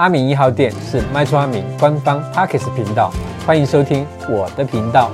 阿明一號店是賣厝阿明官方 Podcast 頻道，歡迎收聽我的頻道。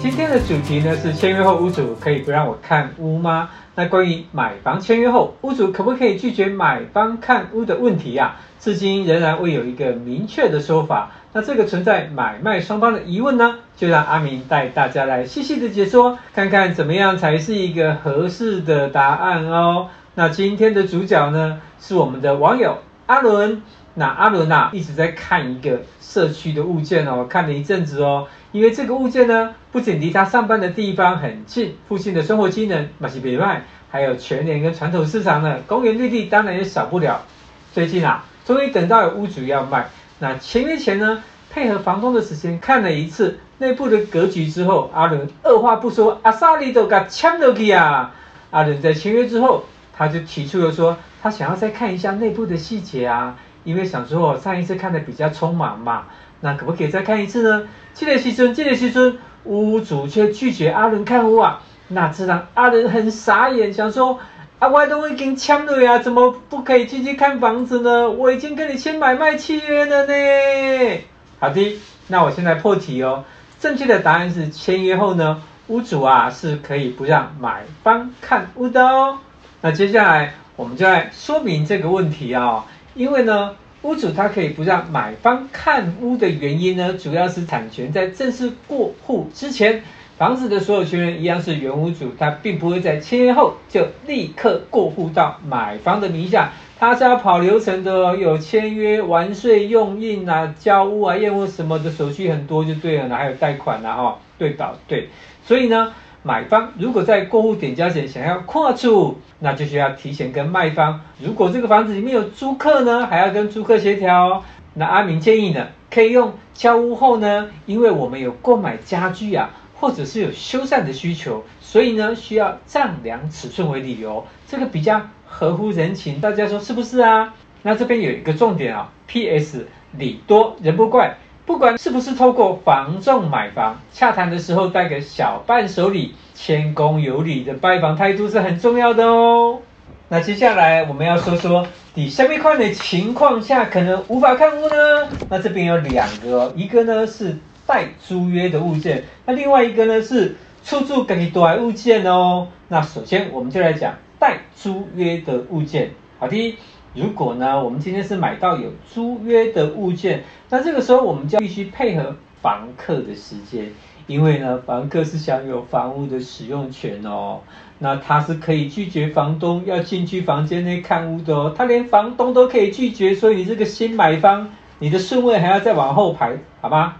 今天的主題呢是簽約後屋主可以不讓我看屋嗎？那關於買房簽約後屋主可不可以拒絕買方看屋的問題呀、啊，至今仍然未有一個明確的說法。那這個存在買賣雙方的疑問呢，就讓阿明帶大家來細細的解說，看看怎麼樣才是一個合適的答案哦。那今天的主角呢是我們的網友。阿倫，那阿倫啊，一直在看一個社區的物件哦，看了一陣子哦，因為這個物件呢，不僅離他上班的地方很近，附近的生活機能嘛是別外，還有全年跟傳統市場呢，公園綠地當然也少不了。最近啊，終於等到有屋主要賣，那簽約前呢，配合房東的時間看了一次內部的格局之後，阿倫二話不說，阿薩利都該簽到去啊！阿倫在簽約之後。他就提出了說，他想要再看一下內部的細節啊，因為想說我上一次看的比較匆忙嘛，那可不可以再看一次呢？這個時陣，這個時陣，屋主卻拒絕阿倫看屋啊，那這讓阿倫很傻眼，想說阿外、啊、都已經簽了啊，怎麼不可以進去看房子呢？我已經跟你簽買賣契約了呢。好的，那我現在破題哦，正確的答案是簽約後呢，屋主啊是可以不讓買方看屋的哦。那接下來我們再說明這個問題啊、哦，因為呢，屋主他可以不讓買方看屋的原因呢，主要是產權在正式過戶之前，房子的所有權人一樣是原屋主，他並不會在簽約後就立刻過戶到買方的名下，他是要跑流程的、哦，有簽約完稅用印啊、交屋啊、驗屋什麼的手續很多，就對了，還有貸款啊，哦，對吧對，所以呢。買方如果在過戶點交前想要擴出，那就需要提前跟賣方。如果這個房子裡面有租客呢，還要跟租客協調、哦。那阿明建議呢，可以用交屋後呢，因為我們有購買家具啊，或者是有修繕的需求，所以呢，需要丈量尺寸為理由，這個比較合乎人情。大家說是不是啊？那這邊有一個重點啊，PS 禮多人不怪。不管是不是透過房仲買房，洽談的時候帶個小伴手禮，謙恭有禮的拜訪態度是很重要的哦。那接下來我們要說說，到底什麼樣的情況下可能無法看屋呢？那這邊有兩個，一個呢是帶租約的物件，那另外一個呢是出租給多人物件哦。那首先我們就來講帶租約的物件，好的。如果呢，我們今天是買到有租約的物件，那這個時候我們就必須配合房客的時間，因為呢，房客是享有房屋的使用權哦，那他是可以拒絕房東要進去房間內看屋的哦，他連房東都可以拒絕，所以你這個新買方，你的順位還要再往後排，好吧？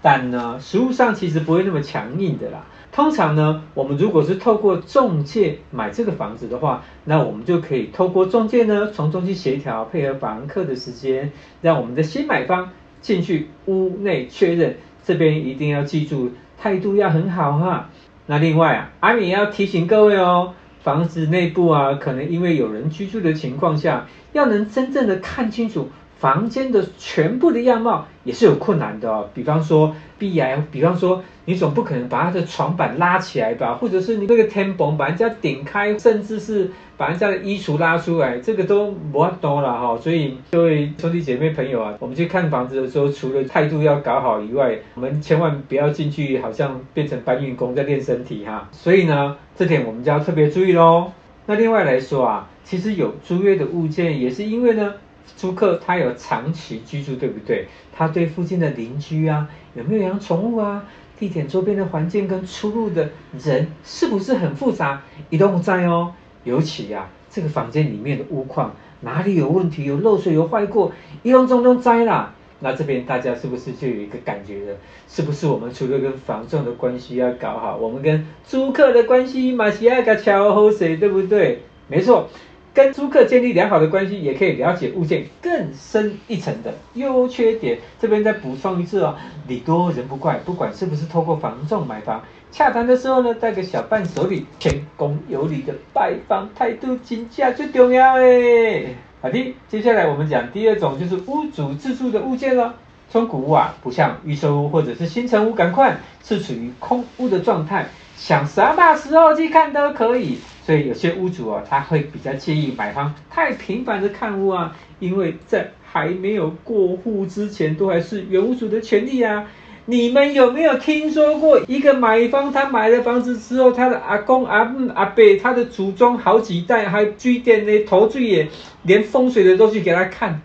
但呢，實務上其實不會那麼強硬的啦。通常呢，我們如果是透過中介買這個房子的話，那我們就可以透過中介呢，從中去協調配合房客的時間，讓我們的新買方進去屋內確認。這邊一定要記住，態度要很好哈。那另外啊，阿明也要提醒各位哦，房子內部啊，可能因為有人居住的情況下，要能真正的看清楚，房間的全部的樣貌也是有困難的哦，比方說 B I，比，比方說你總不可能把他的床板拉起來吧，或者是你那個天蓬把人家頂開，甚至是把人家的衣櫥拉出來，這個都不太多了哈、哦。所以各位兄弟姐妹朋友啊，我們去看房子的時候，除了態度要搞好以外，我們千萬不要進去，好像變成搬運工在練身體哈。所以呢，這點我們就要特別注意嘍。那另外來說啊，其實有租約的物件也是因為呢。租客他有長期居住，對不對？他對附近的鄰居啊，有沒有養寵物啊？地點周邊的環境跟出入的人是不是很複雜？一不在哦。尤其呀、啊，這個房間裡面的屋況哪裡有問題，有漏水、有壞過，一通通都在啦。那這邊大家是不是就有一個感覺了？是不是我們除了跟房仲的關係要搞好，我們跟租客的關係馬西亞搞得和水，對不對？沒錯。跟租客建立良好的關係，也可以了解物件更深一層的優缺點。這邊再補充一次哦，禮多人不怪。不管是不是透過房仲買房，洽談的時候呢，帶個小伴手禮，謙恭有禮的拜訪態度，進價最重要誒。好的，接下來我們講第二種，就是屋主自住的物件了哦。中古屋啊，不像預售屋或者是新成屋，趕快，是處於空屋的狀態，想什麼時候去看都可以。所以有些屋主啊，他會比較介意買方太頻繁的看屋啊，因為在還沒有過戶之前，都還是原屋主的權利啊。你們有沒有聽說過一個買方，他買了房子之後，他的阿公、阿姆、阿伯，他的祖宗好幾代還有居店的投資也連風水的都去給他看。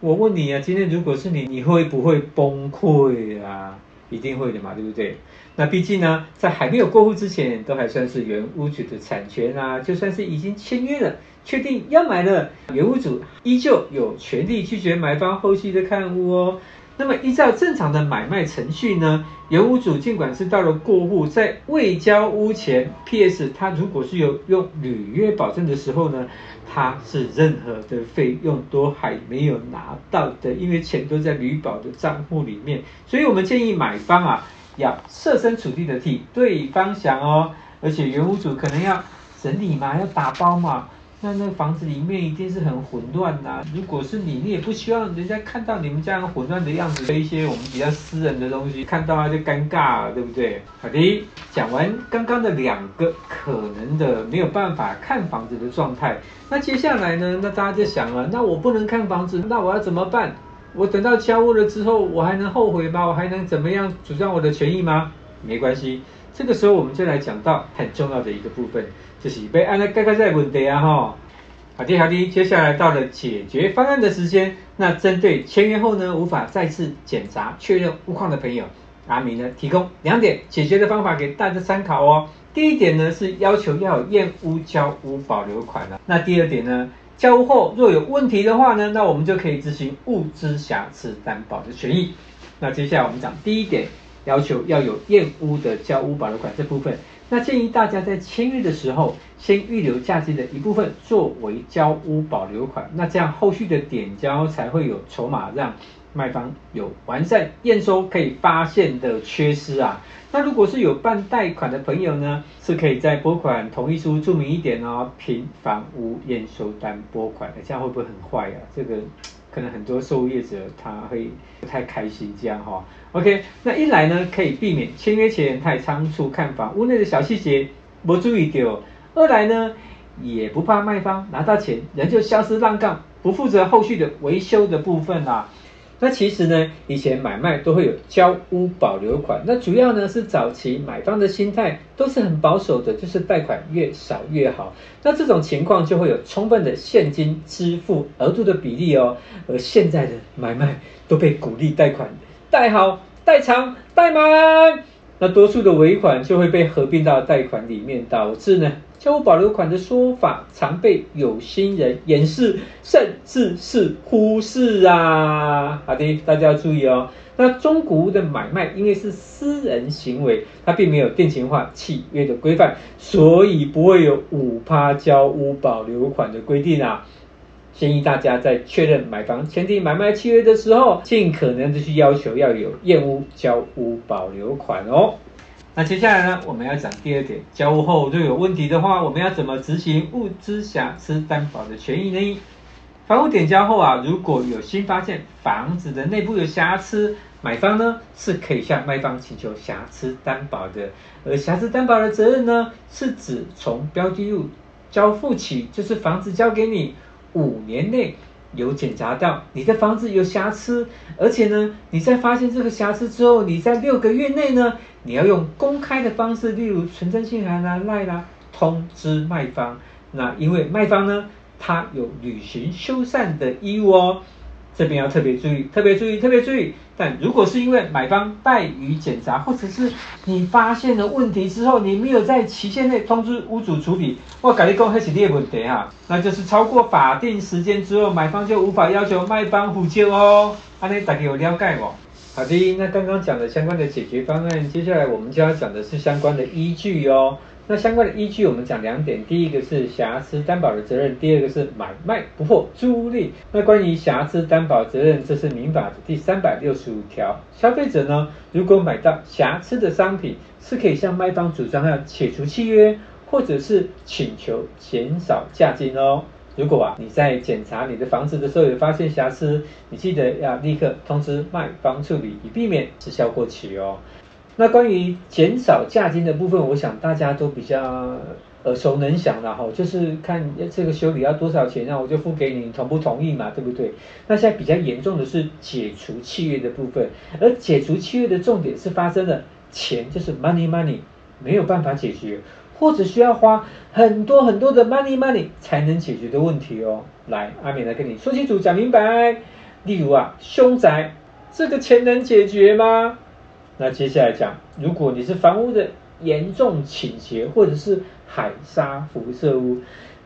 我問你啊，今天如果是你，你會不會崩潰啊？一定會的嘛，對不對？那畢竟呢，在還沒有過戶之前，都還算是原屋主的產權啊。就算是已經簽約了，確定要買了，原屋主依舊有權利拒絕買方後續的看屋哦。那麼依照正常的買賣程序呢，原屋主儘管是到了過戶，在未交屋前，PS 他如果是有用履約保證的時候呢，他是任何的費用都還沒有拿到的，因為錢都在履保的賬戶裡面。所以我們建議買方啊，要設身處地的替對方想哦，而且原屋主可能要整理嘛，要打包嘛。那那房子裡面一定是很混亂吶、啊。如果是你，你也不希望人家看到你們這樣混亂的樣子，一些我們比較私人的東西，看到啊就尷尬了，對不對？好的，講完剛剛的兩個可能的沒有辦法看房子的狀態，那接下來呢？那大家就想了、啊，那我不能看房子，那我要怎麼辦？我等到交屋了之後，我還能後悔嗎？我還能怎麼樣主張我的權益嗎？沒關係，這個時候我們就來講到很重要的一個部分。就是備按的蓋蓋在穩的啊，哈，好滴好滴，接下來到了解決方案的時間。那針對簽約後呢，無法再次檢查確認屋況的朋友，阿明呢提供兩點解決的方法給大家參考哦。第一點呢是要求要有驗屋交屋保留款的，那第二點呢，交屋後若有問題的話呢，那我們就可以執行物之瑕疵擔保的權益。那接下來我們講第一點，要求要有驗屋的交屋保留款這部分。那建議大家在簽約的時候，先預留價值的一部分作為交屋保留款，那這樣後續的點交才會有籌碼，讓賣方有完善驗收可以發現的缺失啊。那如果是有辦貸款的朋友呢，是可以在撥款同意書注明一點哦，憑房屋驗收單撥款的，這樣會不會很壞啊？這個。可能很多受業者他會不太開心，這樣哈、哦。OK，那一來呢，可以避免簽約前太倉促看房，屋內的小細節不注意丟；二來呢，也不怕賣方拿到錢人就消失浪蕩，不負責後續的維修的部分啦、啊。那其實呢，以前買賣都會有交屋保留款，那主要呢是早期買方的心態都是很保守的，就是貸款越少越好。那這種情況就會有充分的現金支付額度的比例哦。而現在的買賣都被鼓勵貸款貸好、貸長、貸滿，那多數的尾款就會被合併到貸款裡面，導致呢。交屋保留款的說法常被有心人掩飾，甚至是忽視啊！好的，大家要注意哦。那中古屋的買賣因為是私人行為，它並沒有定型化契約的規範，所以不會有五趴交屋保留款的規定啊。建議大家在確認買房簽訂買賣契約的時候，儘可能的去要求要有驗屋交屋保留款哦。那接下來呢，我們要講第二點，交屋後如果有問題的話，我們要怎麼執行物之瑕疵擔保的權益呢？房屋點交後啊，如果有新發現房子的內部有瑕疵，買方呢是可以向賣方請求瑕疵擔保的。而瑕疵擔保的責任呢，是指從標的物交付起，就是房子交給你五年內。有檢查到你的房子有瑕疵，而且呢，你在發現這個瑕疵之後，你在六個月內呢，你要用公開的方式，例如存證信函啦、啊、賴啦、啊，通知賣方。那因為賣方呢，他有履行修繕的義務哦，這邊要特別注意，特別注意，特別注意。但如果是因為買方怠於檢查，或者是你發現了問題之後，你沒有在期限內通知屋主處理，我跟你講，那是你的問題哈、啊，那就是超過法定時間之後，買方就無法要求賣方補救哦，啊你大家有了解不？好的，那剛剛講的相關的解決方案，接下來我們就要講的是相關的依據哦。那相關的依據，我們講兩點，第一個是瑕疵擔保的責任，第二個是買賣不破租賃。那關於瑕疵擔保責任，這是民法的第三百六十五條。消費者呢，如果買到瑕疵的商品，是可以向賣方主張要解除契約，或者是請求減少價金哦。如果啊，你在檢查你的房子的時候有發現瑕疵，你記得要立刻通知賣方處理，以避免時效過期哦。那關於減少價金的部分，我想大家都比較耳熟能詳了哈，就是看這個修理要多少錢，然後我就付給你，你同不同意嘛，對不對？那現在比較嚴重的是解除契約的部分，而解除契約的重點是發生了錢，就是 money money 沒有辦法解決。或者需要花很多很多的 money money 才能解決的問題哦。來，阿明來跟你說清楚，講明白。例如啊，凶宅這個錢能解決嗎？那接下來講，如果你是房屋的嚴重傾斜，或者是海砂輻射屋，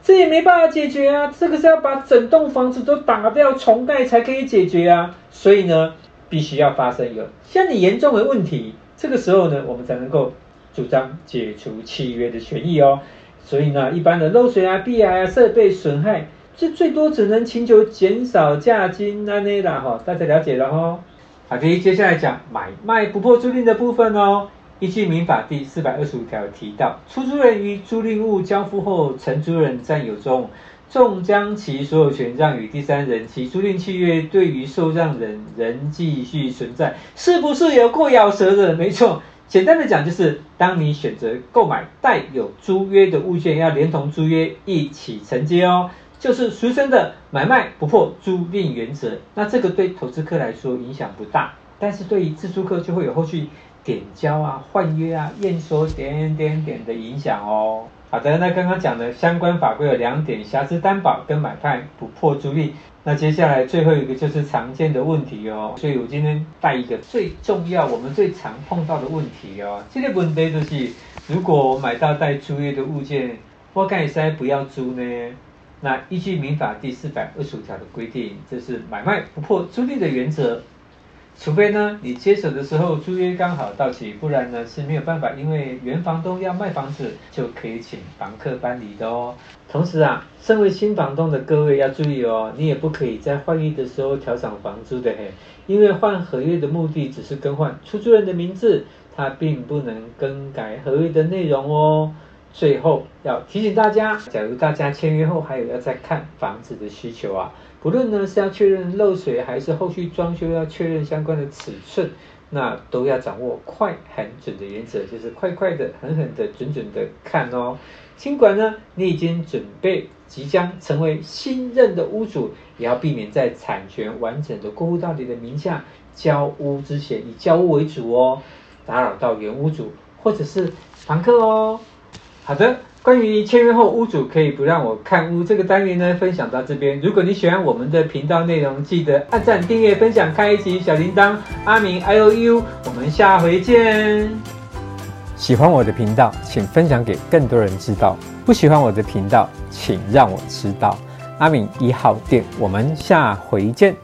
這也沒辦法解決啊。這個是要把整棟房子都打掉重蓋才可以解決啊。所以呢，必須要發生一個像你嚴重的問題，這個時候呢，我們才能夠。主張解除契約的權益哦，所以呢，一般的漏水啊、壁癌啊、設備損害，這最多只能請求減少價金，那類大家了解了哦。好的，的接下來講買賣不破租賃的部分哦。依據民法第四百二十五條提到，出租人於租賃物交付後，承租人佔有中，縱將其所有權讓與第三人，其租賃契約對於受讓人仍繼續存在，是不是有過咬舌的？沒錯。簡單的講，就是當你選擇購買帶有租約的物件，要連同租約一起承接哦。就是俗稱的買賣不破租賃原則。那這個對投資客來說影響不大，但是對於自住客就會有後續。點交啊、換約啊、驗收點點點的影響哦。好的，那剛剛講的相關法規有兩點：瑕疵擔保跟買賣不破租賃。那接下來最後一個就是常見的問題哦，所以我今天帶一個最重要、我們最常碰到的問題哦。這個問題就是，如果買到帶租約的物件，我該不該不要租呢？那依據民法第四百二十五條的規定，這、就是買賣不破租賃的原則。除非呢，你接手的時候租約剛好到期，不然呢是沒有辦法，因為原房東要賣房子就可以請房客搬離的哦。同時啊，身為新房東的各位要注意哦，你也不可以在換約的時候調整房租的嘿，因為換合約的目的只是更換出租人的名字，它並不能更改合約的內容哦。最後要提醒大家，假如大家簽約後還有要再看房子的需求啊，不論呢是要確認漏水，還是後續裝修要確認相關的尺寸，那都要掌握快、狠準的原則，就是快快的、狠狠的、準準的看哦。儘管呢你已經準備即將成為新任的屋主，也要避免在產權完整的過戶到你的名下交屋之前以交屋為主哦，打擾到原屋主或者是房客哦。好的，關於你簽約後屋主可以不讓我看屋這個單元呢，分享到這邊。如果你喜歡我們的頻道內容，記得按讚、訂閱、分享、開啟小鈴鐺。阿明 I O U，我們下回見。喜歡我的頻道，請分享給更多人知道；不喜歡我的頻道，請讓我知道。阿明一號店，我們下回見。